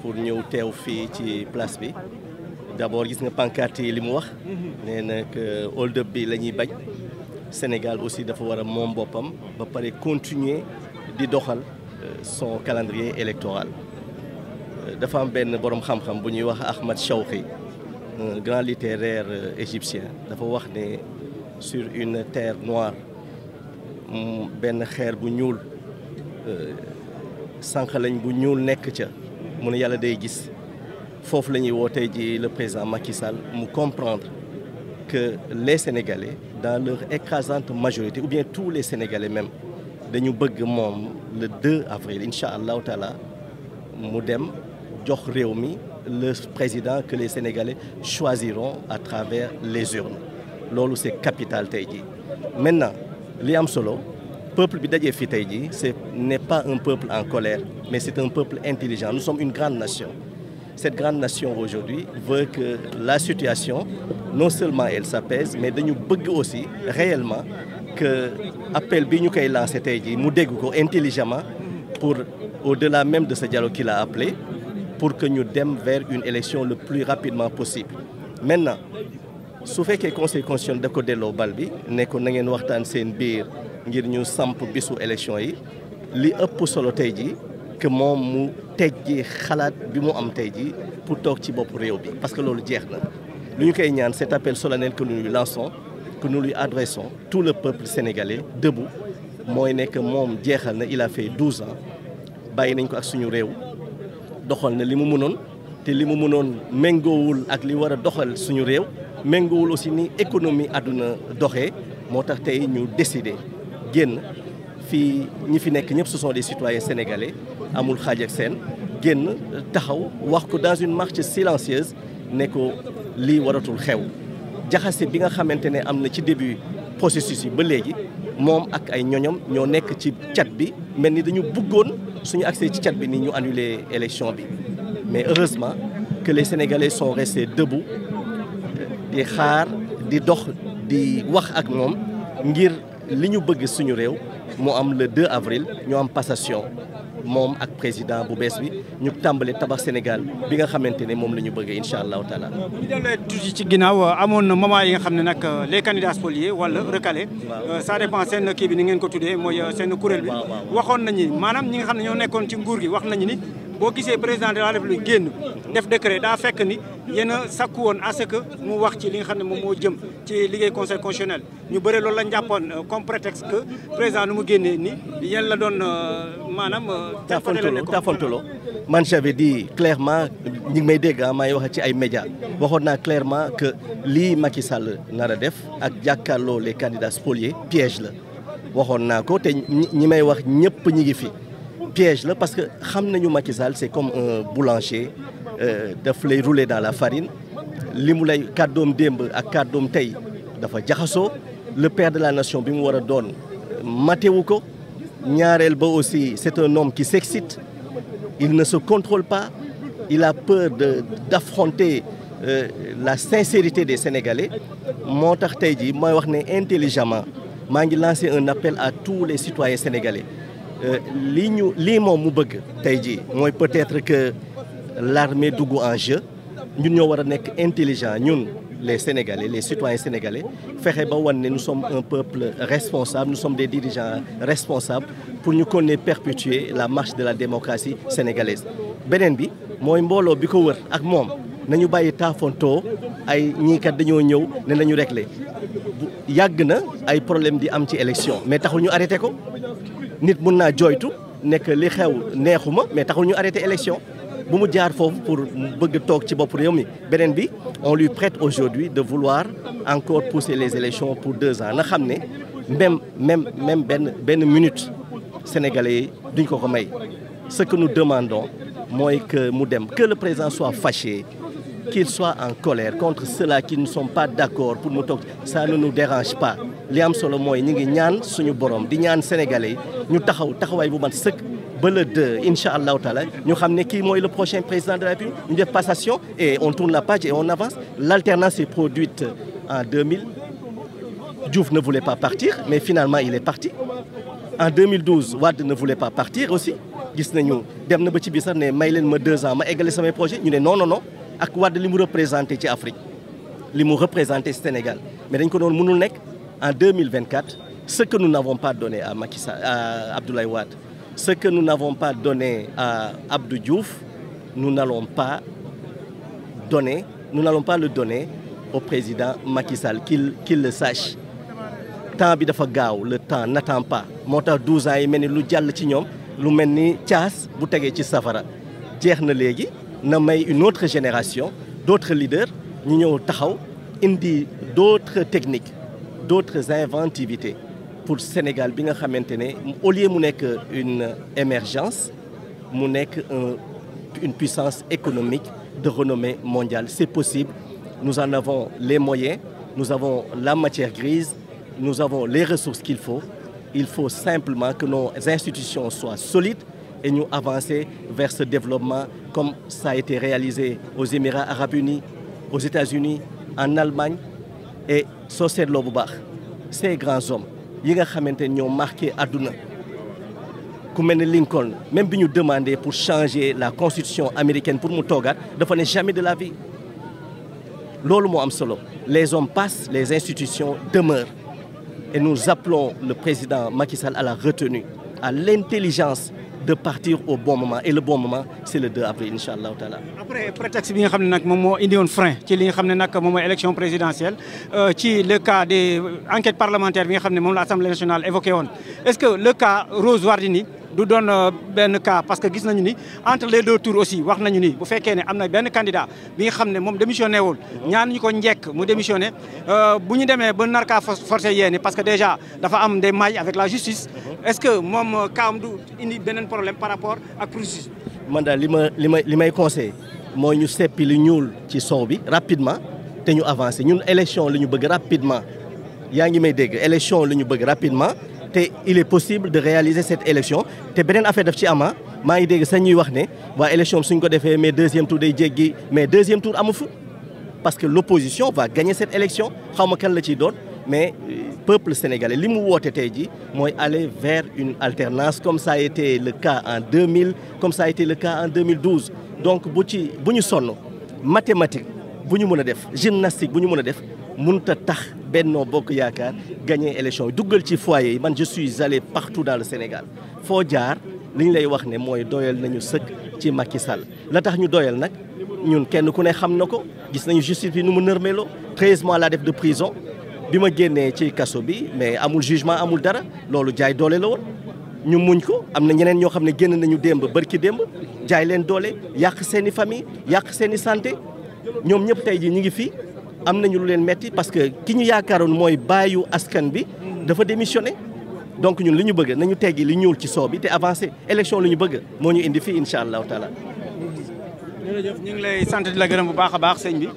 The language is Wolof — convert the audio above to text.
pour ñëw teew fii ci place bi d'abord gis nga pancarte yi li mu wax nee na que hold up bi la ñuy bañ Sénégal aussi dafa war a moom boppam ba pare continuer di doxal euh, son calendrier électoral euh, dafa am benn boroom xam-xam bu ñuy wax Ahmad Shawqi un grand littéraire euh, égyptien dafa wax ne sur une terre noire mm, benn xeer bu ñuul sànqalañ bu ñuul nekk ca mu ne yàlla day gis foofu la ñuy tey jii le président Macky Sall mu comprendre que les Sénégalais dans leur écrasante majorité ou bien tous les Sénégalais même dañu bëgg moom le 2 avril incha allahu taala mu dem jox réew mi le président que les Sénégalais choisiront à travers les urnes loolu c'est capital tey jii maintenant li am solo. peuple bi dajee fii tey jii c'est n'est pas un peuple en colère mais c'est un peuple intelligent nous sommes une grande nation cette grande nation aujourd'hui veut que la situation non seulement elle s'apaise mais dañu bëgg aussi réellement que appel bi ñu koy lancé tey jii mu dégg ko intelligemment pour au-delà même de ce dialogue qu'il a appelé pour que ñu dem vers une élection le plus rapidement possible maintenant su fekkee conseil constitutionnel da ko delloo bal bi ne na ngeen waxtaan seen biir ngir ñu samp bisu élection yi li ëpp solo tey ji que moom mu teggi xalaat bi mu am tey ji pour toog ci bopp réew bi parce que loolu jeex na lu ñu koy ñaan cet appel solennel que nous lui lançons que nous lui adressons tout le peuple sénégalais debout mooy nekk moom jeexal na il a fait douze bàyyi nañ ko ak suñu réew doxal na li mu mënoon te li mu mënoon méngoowul ak li war a doxal suñu réew méngoowul si ni économie àdduna doxee moo tax tey ñu décider génn fii ñi fi nekk ñëpp ce sont des citoyens amul xaaj ak seen génn taxaw wax ko dans une marché silencieuse ne ko lii waratul xew jaxase bi nga xamante ne am na ci début processus yi ba léegi moom ak ay ñoñom ñoo nekk ci cat bi mel ni dañu bëggoon suñu agsee ci cat bi ni ñu annuler élection bi mais heureusement que les sénégalais sont restés debout di xaar di dox di wax ak moom ngir li ñu bëgg suñu réew mu am le 2 avril ñu am passation moom ak président bu bees bi ñu tàmbale tabax Sénégal bi nga xamante ne moom la ñu bëggee incha allahu taala. bu ñu demee tuuti ci ginnaaw amoon na moment yi nga xam ne nag euh, les candidats spoliés wala recalés. Euh, ça dépend seen kii bi ni ngeen ko tuddee mooy euh, seen kuréel bi. waxoon nañu maanaam ñi nga xam ne ñoo nekkoon ci nguur gi wax nañu ni. boo gisee président de la république génn def décret daa fekk ni yéen a sakku woon à que mu wax ci li nga xam ne moom moo jëm ci liggéey conseil constitutionnel ñu bëri loolu la njàppoon euh, comme prétexte que président nu mu génnee ni yéen la doon euh, maanaam euh, tafontuloo man j'avais dit clairement ñi ngi may dégg ah, maa ngi wax ci ay médias waxoon naa clairement que lii Macky Sall nar a def ak jàkkaarloo les candidats spoliés piège la waxoon naa ko te ñi may wax ñëpp ñi ngi fi piège la parce que xam nañu Macky Sall c'est comme un boulanger euh, daf lay rouler dans la farine li mu lay kàddoom démb ak kaddoom tey dafa jaxasoo le père de la nation bi mu war a doon matewu ko ñaareel ba aussi c'est un homme qui s'excite il ne se contrôle pas il a peur de d'affronter euh, la sincérité des Sénégalais moo tax tey jii mooy wax ne intelligentment maa ngi lancer un appel à tous les citoyens sénégalais Euh, lii ñu lii moom mu bëgg tey jii mooy peut-être que l'armée dugg en jeu ñun ñoo war a nekk intelligent ñun les sénégalais les citoyens sénégalais fexe ba wan ne nous sommes un peuple responsable nous some des dirigeants responsables pour ñu kon ne perpétuer la marche de la démocratie sénégalaise beneen bi mooy mbooloo bi ko wër ak moom na ñu bàyyi taafontoo ay ñiikat dañoo ñëw ne nañu régler yàgg na ay problème di am ci élection mais taxul ñu arrêté ko nit mun naa jooytu nekk li xew neexuma mais taxul ñu arrêté élection bu mu jaar foofu pour mu bëgg toog ci bopp réew mi beneen bi on lui prête aujourd'hui de vouloir encore pousser les élections pour deux ans na xam ne même même même benn benn minute sénégalais yi duñ ko ko may ce que nous demandons mooy que mu dem que le président soit fâché qu'il soit en colère contre ceux-là qui ne sont pas d'accord pour mu toog ça ne nous dérange pas li am solo mooy ñu ngi ñaan suñu borom di ñaan sénégalais ñu taxaw taxawaay bu mat sëkk ba le 2 incha allahu taala ñu xam ne kii mooy le prochain président de la République ñu def passation et on tourne la page et on avance l'alternance est produite en 2000 Diouf ne voulait pas partir mais finalement il est parti en 2012 Wade ne voulait pas partir aussi gis nañu dem na ba ci biir sax ne may leen ma deux ans ma eggale samay projet ñu ne non non ak Wade li mu représenté ci Afrique li mu représenté Sénégal dañ ko doon mënul nekk en 2024, ce que nous n'avons pas donné à, Macky, à Abdoulaye Wade, ce que nous n'avons pas donné à Abdou Diouf, nous n'allons pas donner, nous n'allons pas le donner au président Macky Sall, qu'il qu le sache. temps bi dafa gaaw le temps n'attend pas moo tax 12 ans yi mel ni lu jàll ci ñoom lu mel ni caas bu tegee ci safara jeex na léegi na may une autre génération d'autres leaders ñu ñëw taxaw indi d'autres techniques d'autres inventivités pour Sénégal bi nga xamante ne au lieu mu nekk une émergence mu nekk un une puissance économique de renommée mondiale c'est possible nous en avons les moyens nous avons la matière grise nous avons les ressources qu'il faut il faut simplement que nos institutions soient solides et nous avancer vers ce développement comme ça a été réalisé aux Émirats arabes unis aux États-Unis en Allemagne et soo seetloo bu baax ces grands hommes yi nga xamante ñoo marqué àdduna ku mel ne Lincoln même bi ñu demander pour changer la constitution américaine pour mu toogaat dafa ne jamais de la vie loolu moo am solo les hommes passent les institutions demeurent et nous appelons le président Macky Sall à la retenue à l'intelligence de partir au bon moment et le bon moment c'est le 2 avril incha allahu taala. après prétexte bi nga xam ne nag moom moo indiwoon frein ci li nga xam ne nag moom mooy élection présidentielle euh, ci le cas des enquêtes parlementaires bi nga xam ne moom la assemblée nationale évoqué woon est-ce que le cas Rose Wardini du doon euh, benn cas parce que gis nañu ni entre les deux tours aussi wax nañu ni bu fekkee ne am na benn candidat bi nga xam ne moom démissionné wul ñaan ñu ko njekk mu démissionné euh, bu ñu demee ba nar kaa forcé yéeni parce que déjà dafa am des mailles avec la justice est-ce que moom kaam euh, du indi beneen problème par rapport ak processus man daal li ma li may li may conseillé mooy ñu seppi lu ñuul ci soow bi rapidement te ñu avancé ñun élection li ñu bëgg rapidement yaa ngi may dégg élection li ñu bëgg rapidement te il est possible de réaliser cette élection te beneen affaire daf ci amaa maa ngi dégg sax ñuy wax ne waa élection suñ ko defee mais deuxième tour day jéggi mais deuxième tour amu fa parce que l'opposition va gagner cette élection xaw ma kan la ciy doon mais euh, peuple sénégalais li mu woote tey ji mooy aller vers une alternance comme ça a été le cas en 2000 comme ça a été le cas en 2012 donc bu ci bu ñu sonn mathématique bu ñu mën a def gymnastique bu ñu mën a def mënut a tax Benno Bokk Yaakaar gagné élection yi duggal ci foyer yi man je suis allé partout dans le Sénégal foo jaar li ñu lay wax ne mooy doyal nañu sëkk ci Macky Sall la tax ñu doyal nag ñun kenn ku ne xam na ko gis nañu justice bi nu mu nërmeeloo 13 mois laa def de prison bi ma génnee ci kaso bi mais amul jugement amul dara loolu jaay doole la woon ñu muñ ko am na ñeneen ñoo xam ne génn nañu démb barki démb jaay leen doole yàq seen i famille yàq seen i santé ñoom ñëpp tey ji ñu ngi fii am nañu lu leen metti parce que ki ñu yaakaaroon mooy bàyyu askan bi dafa démissionné donc ñun li ñu bëgg nañu teggi li ñuul ci soo bi te avancé élection lu ñu bëgg moo ñu indi fii incha allahu taala. sant di la gërëm bu baax a baax sëñ bi.